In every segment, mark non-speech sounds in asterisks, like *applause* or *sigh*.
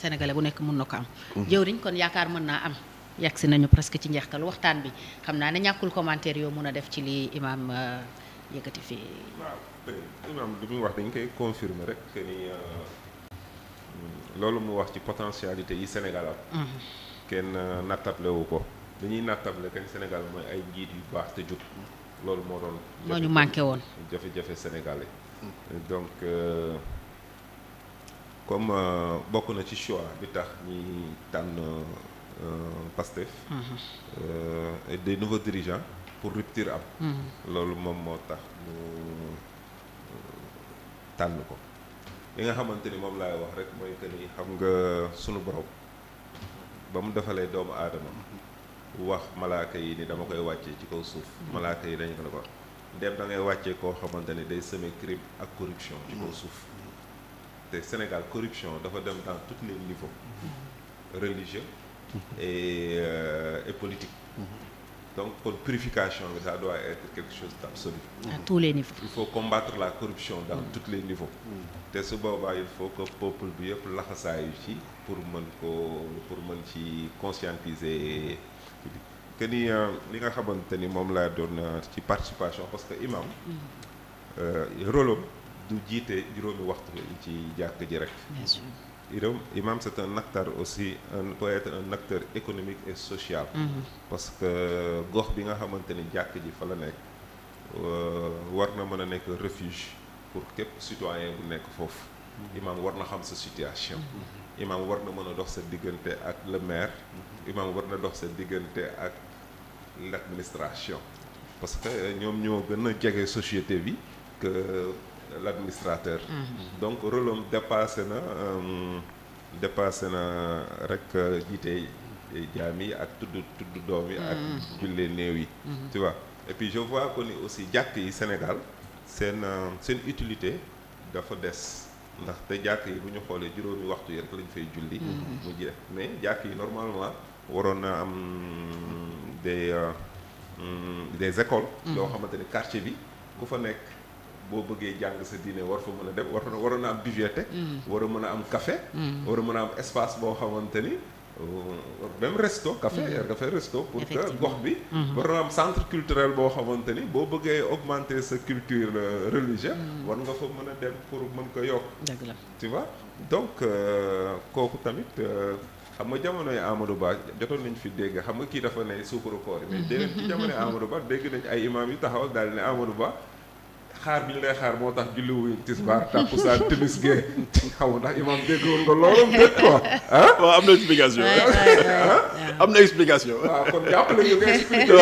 sénégalais bu nekk mun na ko am. Mhm. jëwriñ kon yaakaar mën naa am. yàgg si nañu presque ci njeextalu waxtaan bi xam naa ne ñàkkul commentaire yoo mun a def ci li imaam euh, yëkkati fii. waaw imaam li muy wax dañ koy confirmer rek que euh, loolu mu wax ci potentialité yi Sénégal am. Mhm. kenn euh, nattable wu ko. dañuy ñuy nattable kañ Sénégal mooy ay njiit yu baax te jub loolu moo doon. moo ñu manqué woon jafe-jafe sénégalais. Mhm. donc. comme euh, bokk na ci choix bi tax ñi tànn euh, Pastef mm-hmm. euh, et des nouveaux dirigeants pour rupture am mm-hmm. loolu moom moo tax ñu tànn ko li nga xamante ni moom laay wax rek mooy que ni xam nga sunu borom ba mu defalee doomu aadama wax malaaka yi ni dama koy wàccee ci kaw suuf mm-hmm. malaaka yi dañu ko ne ko dem da wàccee koo xamante ni day seme crime ak corruption ci kaw suuf te Sénégal corruption dafa dem dans tout les niveaux religieux et euh, et politique donc kon purification bi ça doit être quelque chose d'absolu à tous les niveaux il faut combattre la corruption dans tous les niveaux te su boobaa il faut que peuple bi yëpp laxasaayu ci pour mën ko pour mën ci conscientiser que ni euh, li nga xamante ni moom laa doon euh, ci participation parce que imam euh, rôle am du jiite juróomi waxtu ci jàkk ji rek itam imam c'est un acteur aussi un peut être un acteur économique et social mm-hmm. parce que gox bi nga xamante ni jàkk ji fa la nekk euh, war na mën a nekk refuge pour képp citoyen bu nekk foofu mm-hmm. imam war na xam sa situation mm-hmm. imam war na mën a dox sa diggante ak le maire imam war na dox sa diggante ak l'administration parce que ñoom ñoo gën a jege société bi l'administrateur mhm. donc rôle am na euh, dépassé na rek euh, jiite jaam yi ak tudd tudd doom yi ak mhm. jullee néew yi mhm. tu vois et puis je vois que ni aussi jàkk yi Sénégal seen euh, seen utilité dafa des ndaxte jàkk yi bu ñu xoolee juróomi waxtu yi rek lañ fay julli mu jeex mais jàkk yi normalement waroon na am des mm, des écoles loo xamante ni quartier bi ku fa nekk boo bëggee jàng sa dine war fa mën a dem war fa waroon a am bibliothèque. Mm. war a mën a am café. Mm. war a mën a am espace boo xamante ni. Euh, même resto café mm. café resto pour que gox bi mm-hmm. war na am boo xamante ni boo bëggee augmenter sa culture euh, war nga fa mën a dem pour mën ko yokk dëgg la tu vois donc euh, kooku tamit xam nga jamonoy Amadou Ba jotoon nañ fi dégg xam nga kii dafa ne suukaru koor yi mais mm-hmm. déedéet ci dégg nañ ay imam yu taxaw daal ne Amadou Ba xaar bi ñu lay xaar moo tax julli wuñ tisbaar takkusaan timis gee xaw ndax imam déggoon nga loolu déet quoi ah am na explication am na explication waaw kon jàppale ñu nga expliqué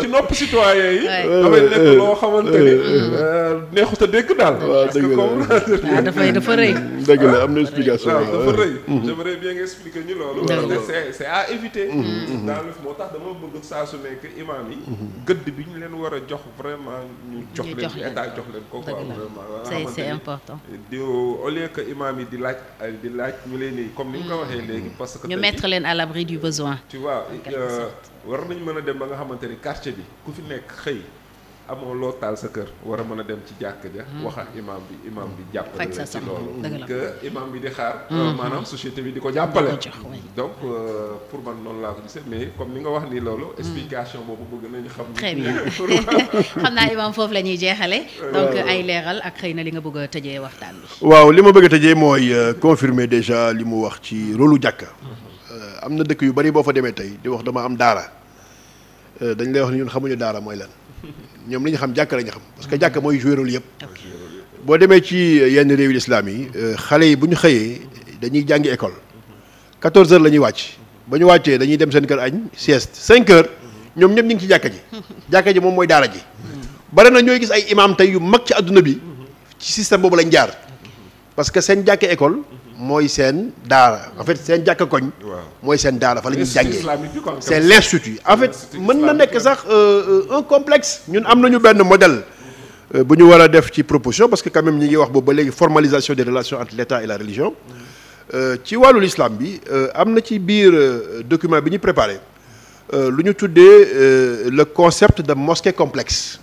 ci nopp citoyen yi dafay nekk loo xamante ni euh, neexut a dégg daal parce que comme *laughs* dafay dafa rëy dëgg la am na explication waaw dafa rëy j'aimerais bien nga expliquer ñu loolu parce que c'est c'est mm, mm, mm. le moo tax dama bëgg saa su nekk imam yi gëdd bi ñu leen war a jox vraiment ñu jox leen état jox leen ko quoi vraiment c'est important di au lieu que imam yi di laaj euh, di laaj ñu leen ni comme ni nga ko waxee mm. léegi parce que ñu leen à l'abri du besoin tu vois euh, war nañ mën a dem ba nga xamante ni quartier bi ku fi nekk xëy amoo loo taal sa kër war a mën a dem ci jàkk ja hmm. wax ak imam bi imam bi jàppale la ci loolu que imam bi di xaar hmm. euh, maanaam société bi di ko jàppale donc euh, pour man noonu laa ko gisee mais comme ni nga wax nii loolu hmm. explication boobu bëgg nañu xam très bien *laughs* *laughs* xam naa imam jeexale euh, donc ay leeral ak xëy na li nga bëgg a tëjee waxtaan bi waaw li ma bëgg a tëjee mooy confirmer déjà li mu wax ci rôlu jàkk am na dëkk yu bari boo fa demee tey di wax dama am daara dañ lay wax ni ñun xamuñu daara mooy lan *laughs* ñoom li ñu xam jàkk la xam parce que jàkk mooy joué rôle boo demee ci euh, yenn réewi lislaam yi euh, xale yi bu ñu xëyee dañuy jàngi école 14 heures la ñuy wàcc ba ñu wàccee dañuy dem seen kër añ sieste cinq heures ñoom ñëpp ñu ngi ci jàkka ji jàkka ji moom mooy daara ji *laughs* bare na ñooy gis ay imaam tey yu mag ci àdduna bi ci système boobu lañ jaar parce que seen jàkk école. Mhm. mooy seen daara en fait seen jàkk koñ. mooy seen daara fa la ñuy jàngee. c' est l' institut en fait mën na nekk sax euh, un complexe. ñun am nañu benn modèle. Euh, bu ñu war a def ci proposition parce que quand même ñi ngi wax boobu ba léegi formalisation des relations entre l' état et la religion. Mhm. Euh, ci wàllu l'islam bi am na ci biir document bi ñu préparé lu ñu tuddee le concept de mosquée complexe.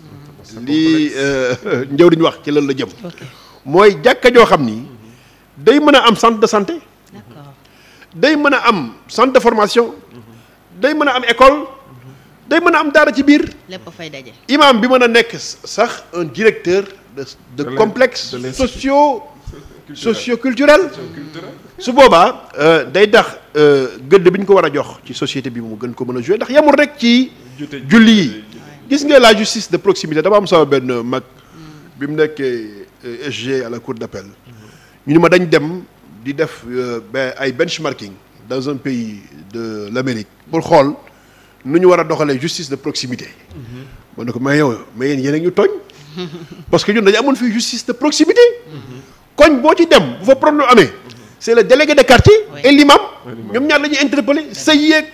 Mhm. li *laughs* njëriñ wax ci lan la jëm. mooy jàkka joo xam ni day mën a am centre de santé day mën a am centre de formation day mën a am école day mën a am daara ci biir lépp fay daje imam bi mën a nekk sax un directeur de de complexe socio socioculturel su boobaa euh, day tax euh, gëdd bi ñu ko war a jox ci société bi mu gën ko mën a jouer ndax yamul rek ci julli yi gis ngee la justice de proximité dama am sama benn mag mm. bi mu nekkee Euh, SG à la cour d'appel ñu ni ma dañ dem di def euh, ay benchmarking dans un pays de l'Amérique pour xool nu ñu war a doxale justice de proximité mm-hmm. ma ne ko mais yow mais yéen yéen ñu tooñ parce que ñun dañu amoon fii justice de proximité mm-hmm. koñ boo ci dem bu fa problème amee mm-hmm. c'est le délégué de quartier et l'imam ñoom ñaar la ñuy interpellé sëy yeeg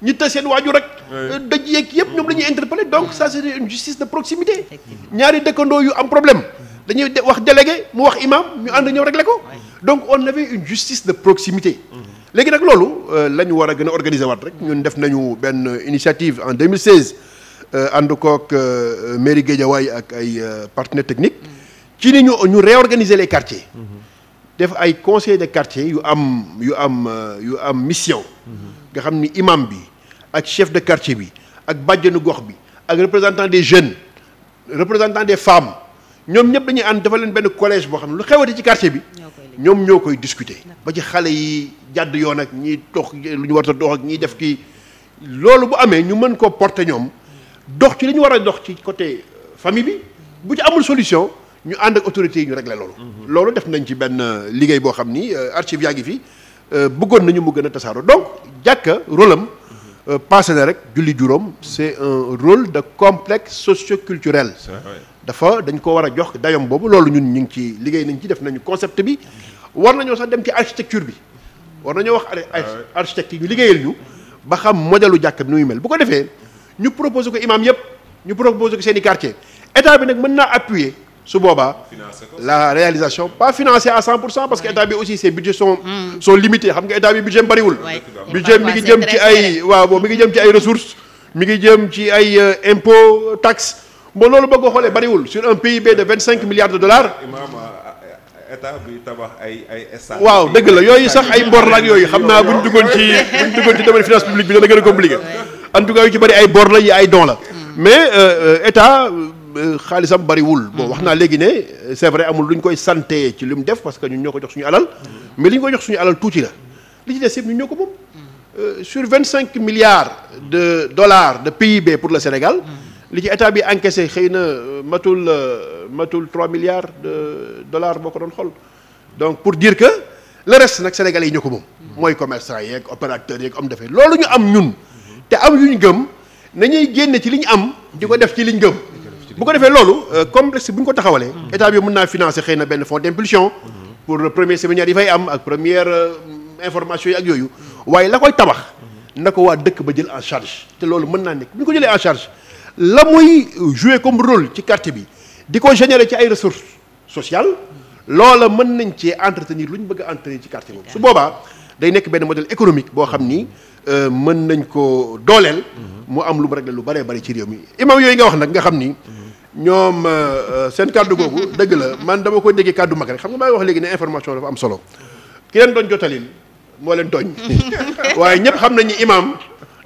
ñi te seen waajur rek euh, dëj yéeg yëpp ñoom la ñuy interpellé donc ça c'est une justice de proximité ñaari dëkkandoo yu am problème dañuy wax délégué mu wax imam ñu ànd ñëw réglé ko donc on avait une justice de proximité mm-hmm. léegi nag loolu euh, la ñu war a gën a organiser waat rek ñun def nañu benn initiative en 2016 euh, ànd koog euh, mairie Guédiawaye ak ay partenaires technique mm-hmm. ci ni ñu réorganiser les quartiers mm-hmm. def ay conseils de quartier yu am yu am yu am mission nga xam ni imam bi ak chef de quartier bi ak bàjjanu gox bi ak représentant des jeunes représentant des femmes ñoom ñëpp dañuy ànd dafa leen benn collège boo xam ne lu xewati ci quartier bi ñoom ñoo koy discuter ba ci xale yi jàdd yoon ak ñiy dox lu ñu war a dox ak ñiy def kii loolu bu amee ñu mën koo porter ñoom dox ci li ñu war a dox ci côté euh, famille bi mm-hmm. bu ci amul solution ñu ànd ak autorités yi ñu régler loolu mm-hmm. loolu def nañ ci benn euh, liggéey boo xam ni euh, archive yaa ngi fi bëggoon nañu mu gën a tasaaroo donc jàkka rôle am mm-hmm. passé na rek julli juróom c'est un rôle de complexe socioculturel dafa dañ ko war a jox dayom boobu loolu ñun ñu ngi ci liggéey nañ ci def nañu concept bi war nañoo sax dem ci architecture bi war nañoo wax ah architecte yi ñu liggéeyal ñu ba xam modelu jàkk bi nu muy mel bu ko defee ñu proposé ko imam yëpp ñu proposé ko seen i quartier état bi nag mën naa appuyer su boobaa la réalisation pas financée à 100 pour cent parce que état bi aussi ses budgets sont hmm. sont limités xam nga état bi budget bariwul budget mi ngi jëm ci ay waaw mi ngi jëm ci ay ressources mi ngi jëm ci ay euh, impôt taxe ba loolu bëgg a xoolee bariwul sur un PIB de vingt cinq milliards de dollars. Euh, euh, waaw dëgg la yooyu sax ay bor la ak yooyu xam naa buñ duggoon ci *laughs* buñ duggoon ci domaine finance publique bi dana gën a compliqué en tout cas yu ci bëri ay bor la yi ay don la mm. mais euh, état xaalisam bëriwul bon mm. wax naa léegi ne c'est vrai amul lu ñu koy santé ci li mu def parce que ñu ñoo ko jox suñu alal mm. mais li ñu koy jox suñu alal tuuti la li ci des yëpp ñoo ko moom sur vingt cinq milliards de dollars de PIB pour le Sénégal li ci état bi encaissé xëy na euh, matul euh, matul 3 milliards de dollars boo ko doon xool donc pour dire que le reste nag sénégalais yi ñoo ko moom. mooy commerçant yeek opérateur yeeg homme d'affaires loolu ñu am ñun. te am yu ñu gëm nañuy génne ci li ñu am di ko def ci li ñu gëm. bu ko defee loolu euh, complexe bu ñu ko taxawalee. état bi mun naa financer xëy na benn fonds d'impulsion. pour premier séminaire yi fay am ak première information yi ak yooyu waaye la koy tabax. na ko waa dëkk ba jël en charge te loolu mën naa nekk bu ñu ko jëlee en charge. la muy jouer comme rôle ci quartier bi di ko générer ci ay ressources sociale loola mën nañ cee entretenir lu ñu bëgg a entretenir ci quartier boobu su boobaa day nekk benn modèle économique boo xam ni euh, mën nañ ko dooleel mhm. mu am lu mu réglé lu bëree bëri ci réew mi imam yooyu nga wax nag nga xam ni mhm. ñoom euh, euh, seen kàddu googu *laughs* dëgg la man dama ko déggee kàddu mag rek xam nga maa wax léegi ne information dafa am solo ki leen doon jotalil moo leen tooñ *laughs* waaye ñëpp xam nañu imam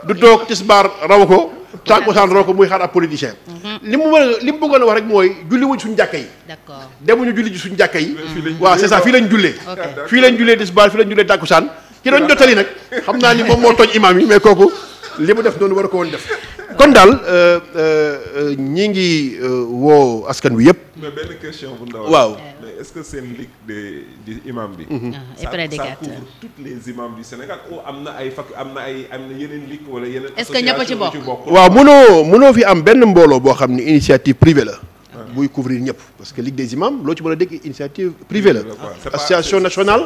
du toog tisbaar raw ko tàkkusaan roo ko muy xaar ab politicien li mhm. mu mën a li mu bëggoon wax rek mooy julli wuñ suñu jàkka yi d'accord demuñu julli ji suñu jàkka yi mhm. waaw c'est ça fii lañ jullee ah, fii lañ jullee tisbaar fii lañ jullee tàkkusaan ki doon jottali nag xam naa ni moom moo tooñ imaam yi mais kooku li mu def noonu war ko woon def kon daal euh, euh, euh, ñi ngi woo askan wi yëpp. mais question bu ndaw waaw mais est seen bi. Mhm. Ah, ça couvre toutes les imams du Sénégal ou ay fakk na ay am na yeneen ligue wala yeneen. waaw mënoo mënoo fi am benn mbooloo boo xam ni initiative privée la. buy couvrir ñëpp parce que lig des imams loo ci mën a dégg initiative privée la. association nationale.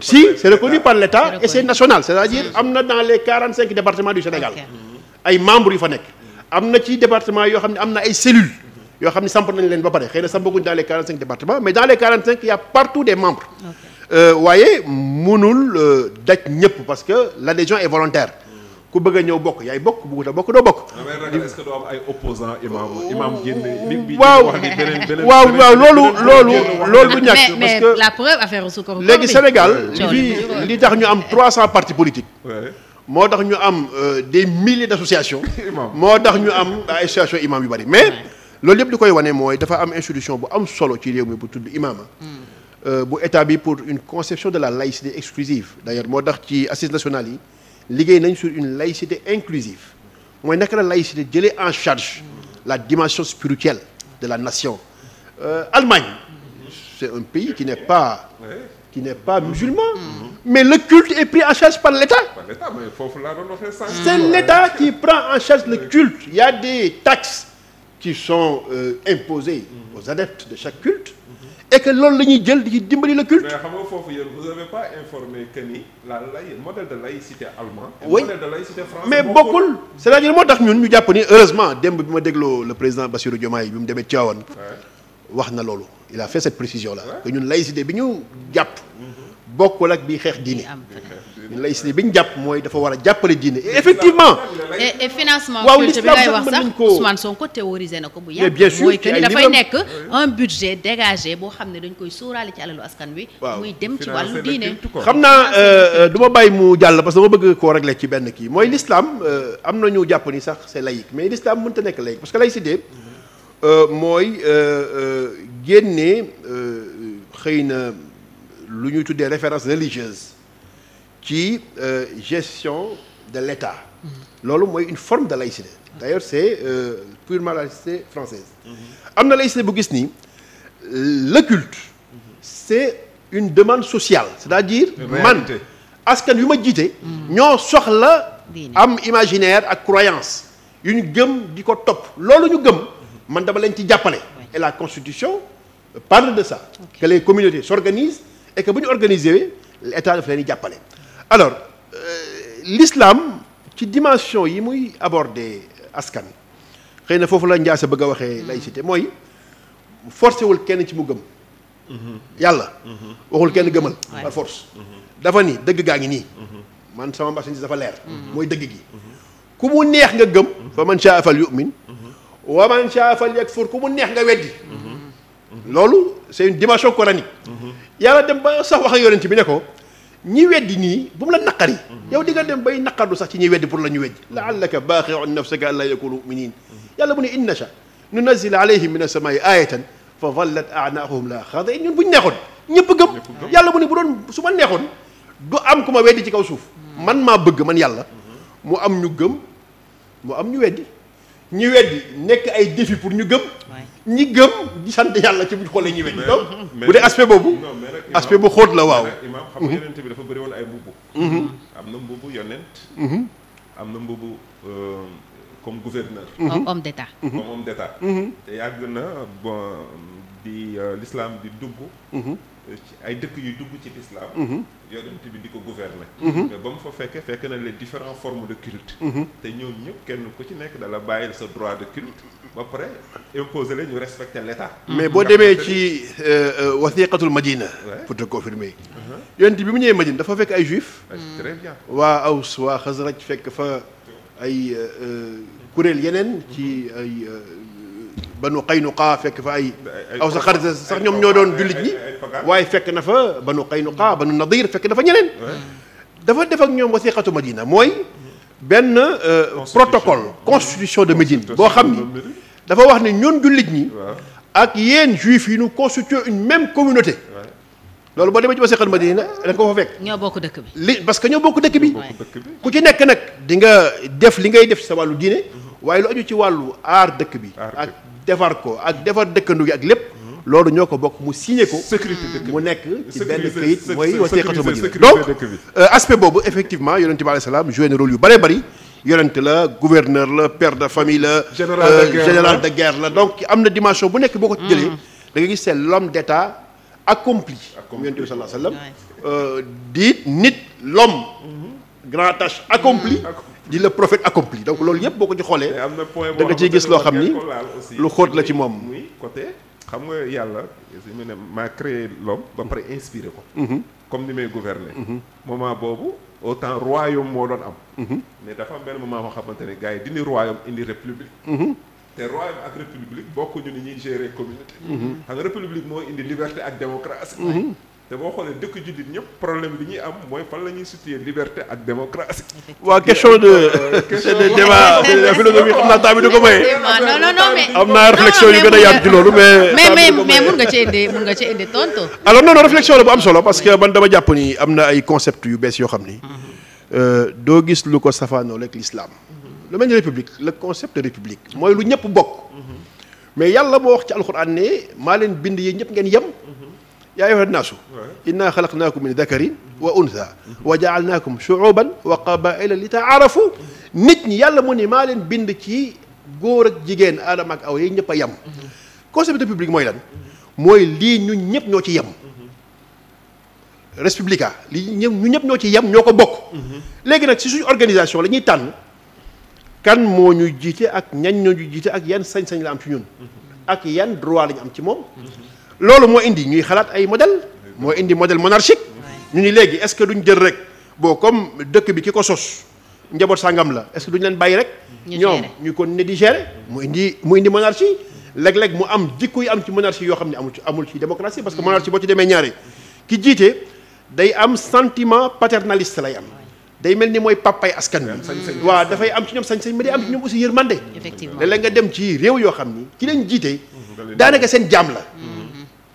si c'est national c'est-à-dire am na dans les quarante cinq départements du Sénégal. ay membres yu fa nekk am na ci département yoo xam ne am na ay cellules yoo xam ne samp nañ leen ba pare xëy na sampaguñ dans les 45 départements mais dans les 45 il y a partout des membres euh, waaye mënul euh, daj ñëpp parce que l'adhésion est volontaire ku bëgg a ñëw bokk yaay bokk bëggut a bokk doo bokk. est que doo am ay opposants imam oh. waaw waaw loolu loolu loolu du ñàkk parce que la affaire su léegi Sénégal li li tax ñu am 300 partis politiques. moo tax ñu am euh, des milliers d' associations. *laughs* moo tax ñu am ay association imam yu bari mais loolu yëpp li koy wane mooy dafa am institution bu am solo ci réew mi bu tudd imama hmm. euh, bu état bi pour une conception de la laïcité exclusive d' ailleurs moo tax ci assises nationales yi liggéey nañ sur une laïcité inclusive mooy naka la laïcité jëlee en charge la dimension spirituelle de la nation euh, Allemagne c'est un pays qui n'est pas qui n'est pas musulman hmm. mais le culte est pris en charge par l'État. Par l'État, foofu laa doon waxee sànq. C'est l'État qui prend en charge le culte. Il y a des taxes qui sont euh, imposées aux adeptes de chaque culte. et que loolu la ñuy jël di dimbali le culte. mais xam nga foofu yéen vous de laïcité allemand. oui modèle de mais bokkul. c'est-à-dire moo tax ñun ñu jàpp ni heureusement démb bi ma dégloo le président Bassirou Diomaye bi mu demee Tivaouane. wax na loolu il a fait cette précision là. que ñun laïcité bi ñu jàpp. bokkul ak bi xeex diine. laïcité bi ñu jàpp mooy dafa war a jàppale diine effectivement. et financement culte bi ngay wax sax Ousmane Sonko théorisé na ko bu yàgg. nekk un budget dégagé boo xam ne dañ koy sóoraale ci alalu askan wi. muy dem ci wàllu diine. xam naa euh, euh, du ma bàyyi mu jàll parce que dama bëgg koo régler ci benn kii mooy l'islam euh, am na ñu jàpp ni sax c'est laïque mais l'islam mënta nekk laïque parce que laïcité mooy génne xëy na. lu ñuy tuddee référence religieuse ci euh, gestion de l'État mm-hmm. loolu mooy une forme de laïcité d'ailleurs c'est euh, purement la laïcité française mm-hmm. am na laïcité bu gis nii le culte mm-hmm. c'est une demande sociale c'est-à-dire man askan yu ma jiite ñoo soxla am imaginaire ak croyance yu ñu gëm di ko topp loolu ñu gëm man dama leen ci jàppale et la constitution parle de ça okay. que les communautés s'organisent et bu ñu organiser l'état daf leen jàppale. alors euh, l'islam ci dimension yi muy aborde askan xëy na foofu la Ndiass bëgg a waxee mm-hmm. laïcité mooy forcé wul kenn ci mu gëm. Mm-hmm. yàlla. Mm-hmm. waxul kenn gëmal. par force. dafa ni dëgg gaa ngi nii. man sama marchandise dafa leer. mooy dëgg gi. ku mu neex nga gëm. fa man caa fal yu'min. wa man caa fal ku mu neex nga weddi. loolu. c'est une dimension coranique. Mhm. yàlla dem ba sax wax ak yonent bi ne ko ñi weddi nii bu mu la naqari. Mhm. yow di nga dem bay naqarlu sax ci ñi weddi pour la ñu weddi. laallaka baaxi'un nafsaka allaa yakuunu muminiin yàlla bu ne in nasha nunazzilu alayhim min as-samaa'i aayatan a vallat a'naaquhum laha xaadi'iin ñun bu ñu neexoon ñëpp gëm. yàlla bu ne bu doon su ma neexoon du am ku ma weddi ci kaw suuf. Mhm. man maa bëgg man yàlla. mu am ñu gëm mu am ñu weddi. ñi weddi nekk ay défi pour ñu gëm. ñi gëm di sant yàlla ci bu xoolee ñi weddi. mais bu dee aspect boobu. aspect bu xóot la waaw. imaam xam nga mhm. yonent bi dafa bëri woon ay mbubu. Mhm. am na mbubu yonent. Mhm. am na mbubu euh, comme gouverneur. comme homme d'état. comme homme d'état. te yàgg na bon di euh, l'islam di dugg. ay dëkk yu dugg ci lislaam mhm. yonent bi di ko gouverner mhm. mais ba mu fa fekkee fekk na les différentes formes de culte mhm. te ñoom ñëpp kenn ku ci nekk dala bàyyil sa droit de culte ba pare imposer la ñu respecter mais boo demee ci euh, euh, wasiqatul madina pour te confirmer uh-huh. yonent bi mu ñëwee madina dafa fekk ay juif waa aws waa xasraj fekk fa ay euh, kuréel yeneen ci ay banu Qaynuqa fekk fa ay. aw sa xarit sax ñoom ñoo doon jullit ñi. waaye fekk na fa banu Qaynuqa banu Nadir fekk na fa ñeneen. dafa def ak ñoom wasiqatu Madina mooy. benn euh, protocole constitution de Médine boo xam ni dafa wax ni ñun jullit ñi. ak yéen juif yi ñu constituer une même communauté. loolu boo demee ci wasiqatu Madina da nga ko fa fekk. ñoo bokk dëkk bi li parce que ñoo bokk dëkk bi. ku ci nekk nag. dinga def li ngay def sa wàllu diine. Mm-hmm. waaye lu aju ci wàllu aar dëkk bi. ak defar ko ak defar dëkkandu gi ak lépp loolu ñoo ko bokk mu signé ko mu nekk ci benn kayit mooy wasiqatu madina donc euh, aspect boobu effectivement yonente bi alayhi salaam joué na rôle yu bëree bëri yonente la gouverneur la per de famille euh, la général de guerre la donc am na dimension bu nekk boo ko jëlee mm-hmm. da nga gis c'est l'homme d'état accompli comme yonente bi sallallahu alayhi wasallam euh, di nit l'homme mm-hmm. grand tâche accompli di le prophète accompli donc loolu yëpp boo ko ci xoolee. da nga ciy gis loo xam ni lu xóot la ci moom. muy côté xam nga yàlla mu ne maa créé l'homme ba pare inspiré ko. Mm-hmm. comme ni may gouverner. Mm-hmm. moment boobu autant royaume moo doon am. Mm-hmm. mais dafa am moment boo xamante ne gars dindi royaume indi république. te royaume ak république bokkuñu ni ñuy gérer communauté. xam république moo indi liberté ak démocratie. te boo xoolee dëkk jullit ñëpp problème bi ñuy am mooy fan la ñuy situer liberté ak démocratie. *laughs* waa question de euh, question philosophie xam naa temps du ko maye. am naa réflexion yu gën a yaatu ci loolu mais. mais mais mais mun nga ci indi mun nga ci *laughs* réflexion la bu am solo parce que man dama jàpp ni am na ay concept yu bees yoo xam ni. Mhm. Euh, doo gis lu ko safaanoo rek l'islam. lu mel ni république le concept de république mooy lu ñëpp bokk. Mhm. mais yàlla moo wax ci alxuraan ne maa yi ñëpp ngeen yaa ayyuha nnaasu inna xalaqnaakum min dakarin wa untha wa jaalnaakum shuuban wa qabaila li taarafu nit ñi yàlla mu ni maa leen bind ci góor ak jigéen aadama ak aw yi ñëpp a yem concept de mooy lan mooy lii ñu ñëpp ñoo ci yem res publica ñu ñëpp ñoo ci yem ñoo ko bokk léegi nag si suñu organisation lañuy tànn kan moo ñuy jiite ak ñañ ñoo ñu jiite ak yan sañ-sañ la am ci ñun ak yan droit la am ci moom loolu moo indi ñuy xalaat ay modèle moo indi modèle monarchique ñu ni léegi est-ce que duñ jël rek boo comme dëkk bi ki ko sos njaboot sàngam la est-ce que duñ leen bàyyi rek ñoom ñu kon ne di gérer mu indi mu indi monarchie léeg-léeg mu am jikko yi am ci monarchie yoo xam ne amul ci amul ci démocratie parce que mm. monarchie boo ci demee ñaare ki jiite day am sentiment paternaliste lay am day mel ni mooy papay askan wi waaw dafay am ci ñoom sañ-sañ mais day am ci ñoom aussi yërmande effectivement nga dem ci réew yoo xam ni ki leen jiite mm-hmm. daanaka seen jaam la mm.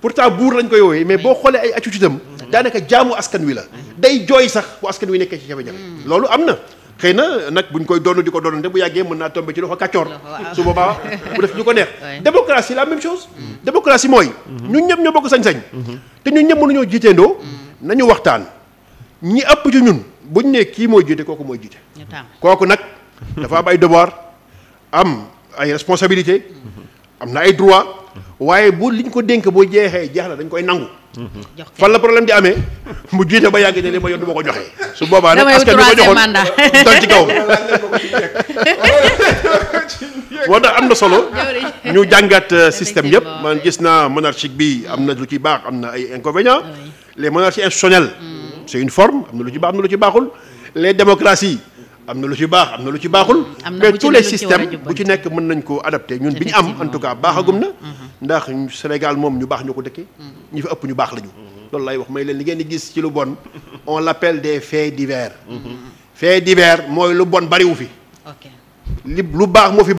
pourtant buur lañ koy woowee mais boo xoolee ay attitude am mhm. daanaka jaamu askan wi la mhm. day jooy sax bu askan wi nekkee ci jafe-jafe mhm. loolu am na xëy na nag buñ koy doonu di ko doonante bu yàggee mën naa tombe ci loxo kàccoor su boobaa bu def ñu ko neex *laughs* démocratie la même chose démocratie mooy ñun ñëpp ñoo bokk sañ-sañ te ñun ñëpp mënuñoo jiiteendoo nañu waxtaan ñi ëpp ci ñun buñ ne kii mooy jiite kooku mooy jiite kooku nag dafa am ay devoir am ay responsabilité am na ay droit waaye bu liñ ko dénk boo jeexee jeex na dañ koy nangu. fan la problème di amee mu jiite ba yàgg ne li ma yor du ko joxee su boobaa nag askan bi ma joxoon *laughs* dal ci kaw. *laughs* moo tax am na solo ñu jàngat euh, système yëpp man gis naa monarchique bi am na lu ci baax am na ay inconvénients. les monarchies institutionnelles. Mm. c'est une forme am na lu ci baax am ci baaxul les démocraties. am na lu ci baax am na lu ci baaxul. mais tous les systèmes bu ci nekk mën nañ ko adapté ñun bi ñu am en tout cas baaxagum na. Mm-hmm. ndax Sénégal moom ñu baax ñu ko dëkkee. Mm-hmm. ñu fa ëpp ñu baax lañu. Mm-hmm. loolu lay wax may leen li ngeen di gis ci lu bon on l'appelle des faits divers. faits divers mooy lu bon bariwu fi. ok li lu baax moo fi.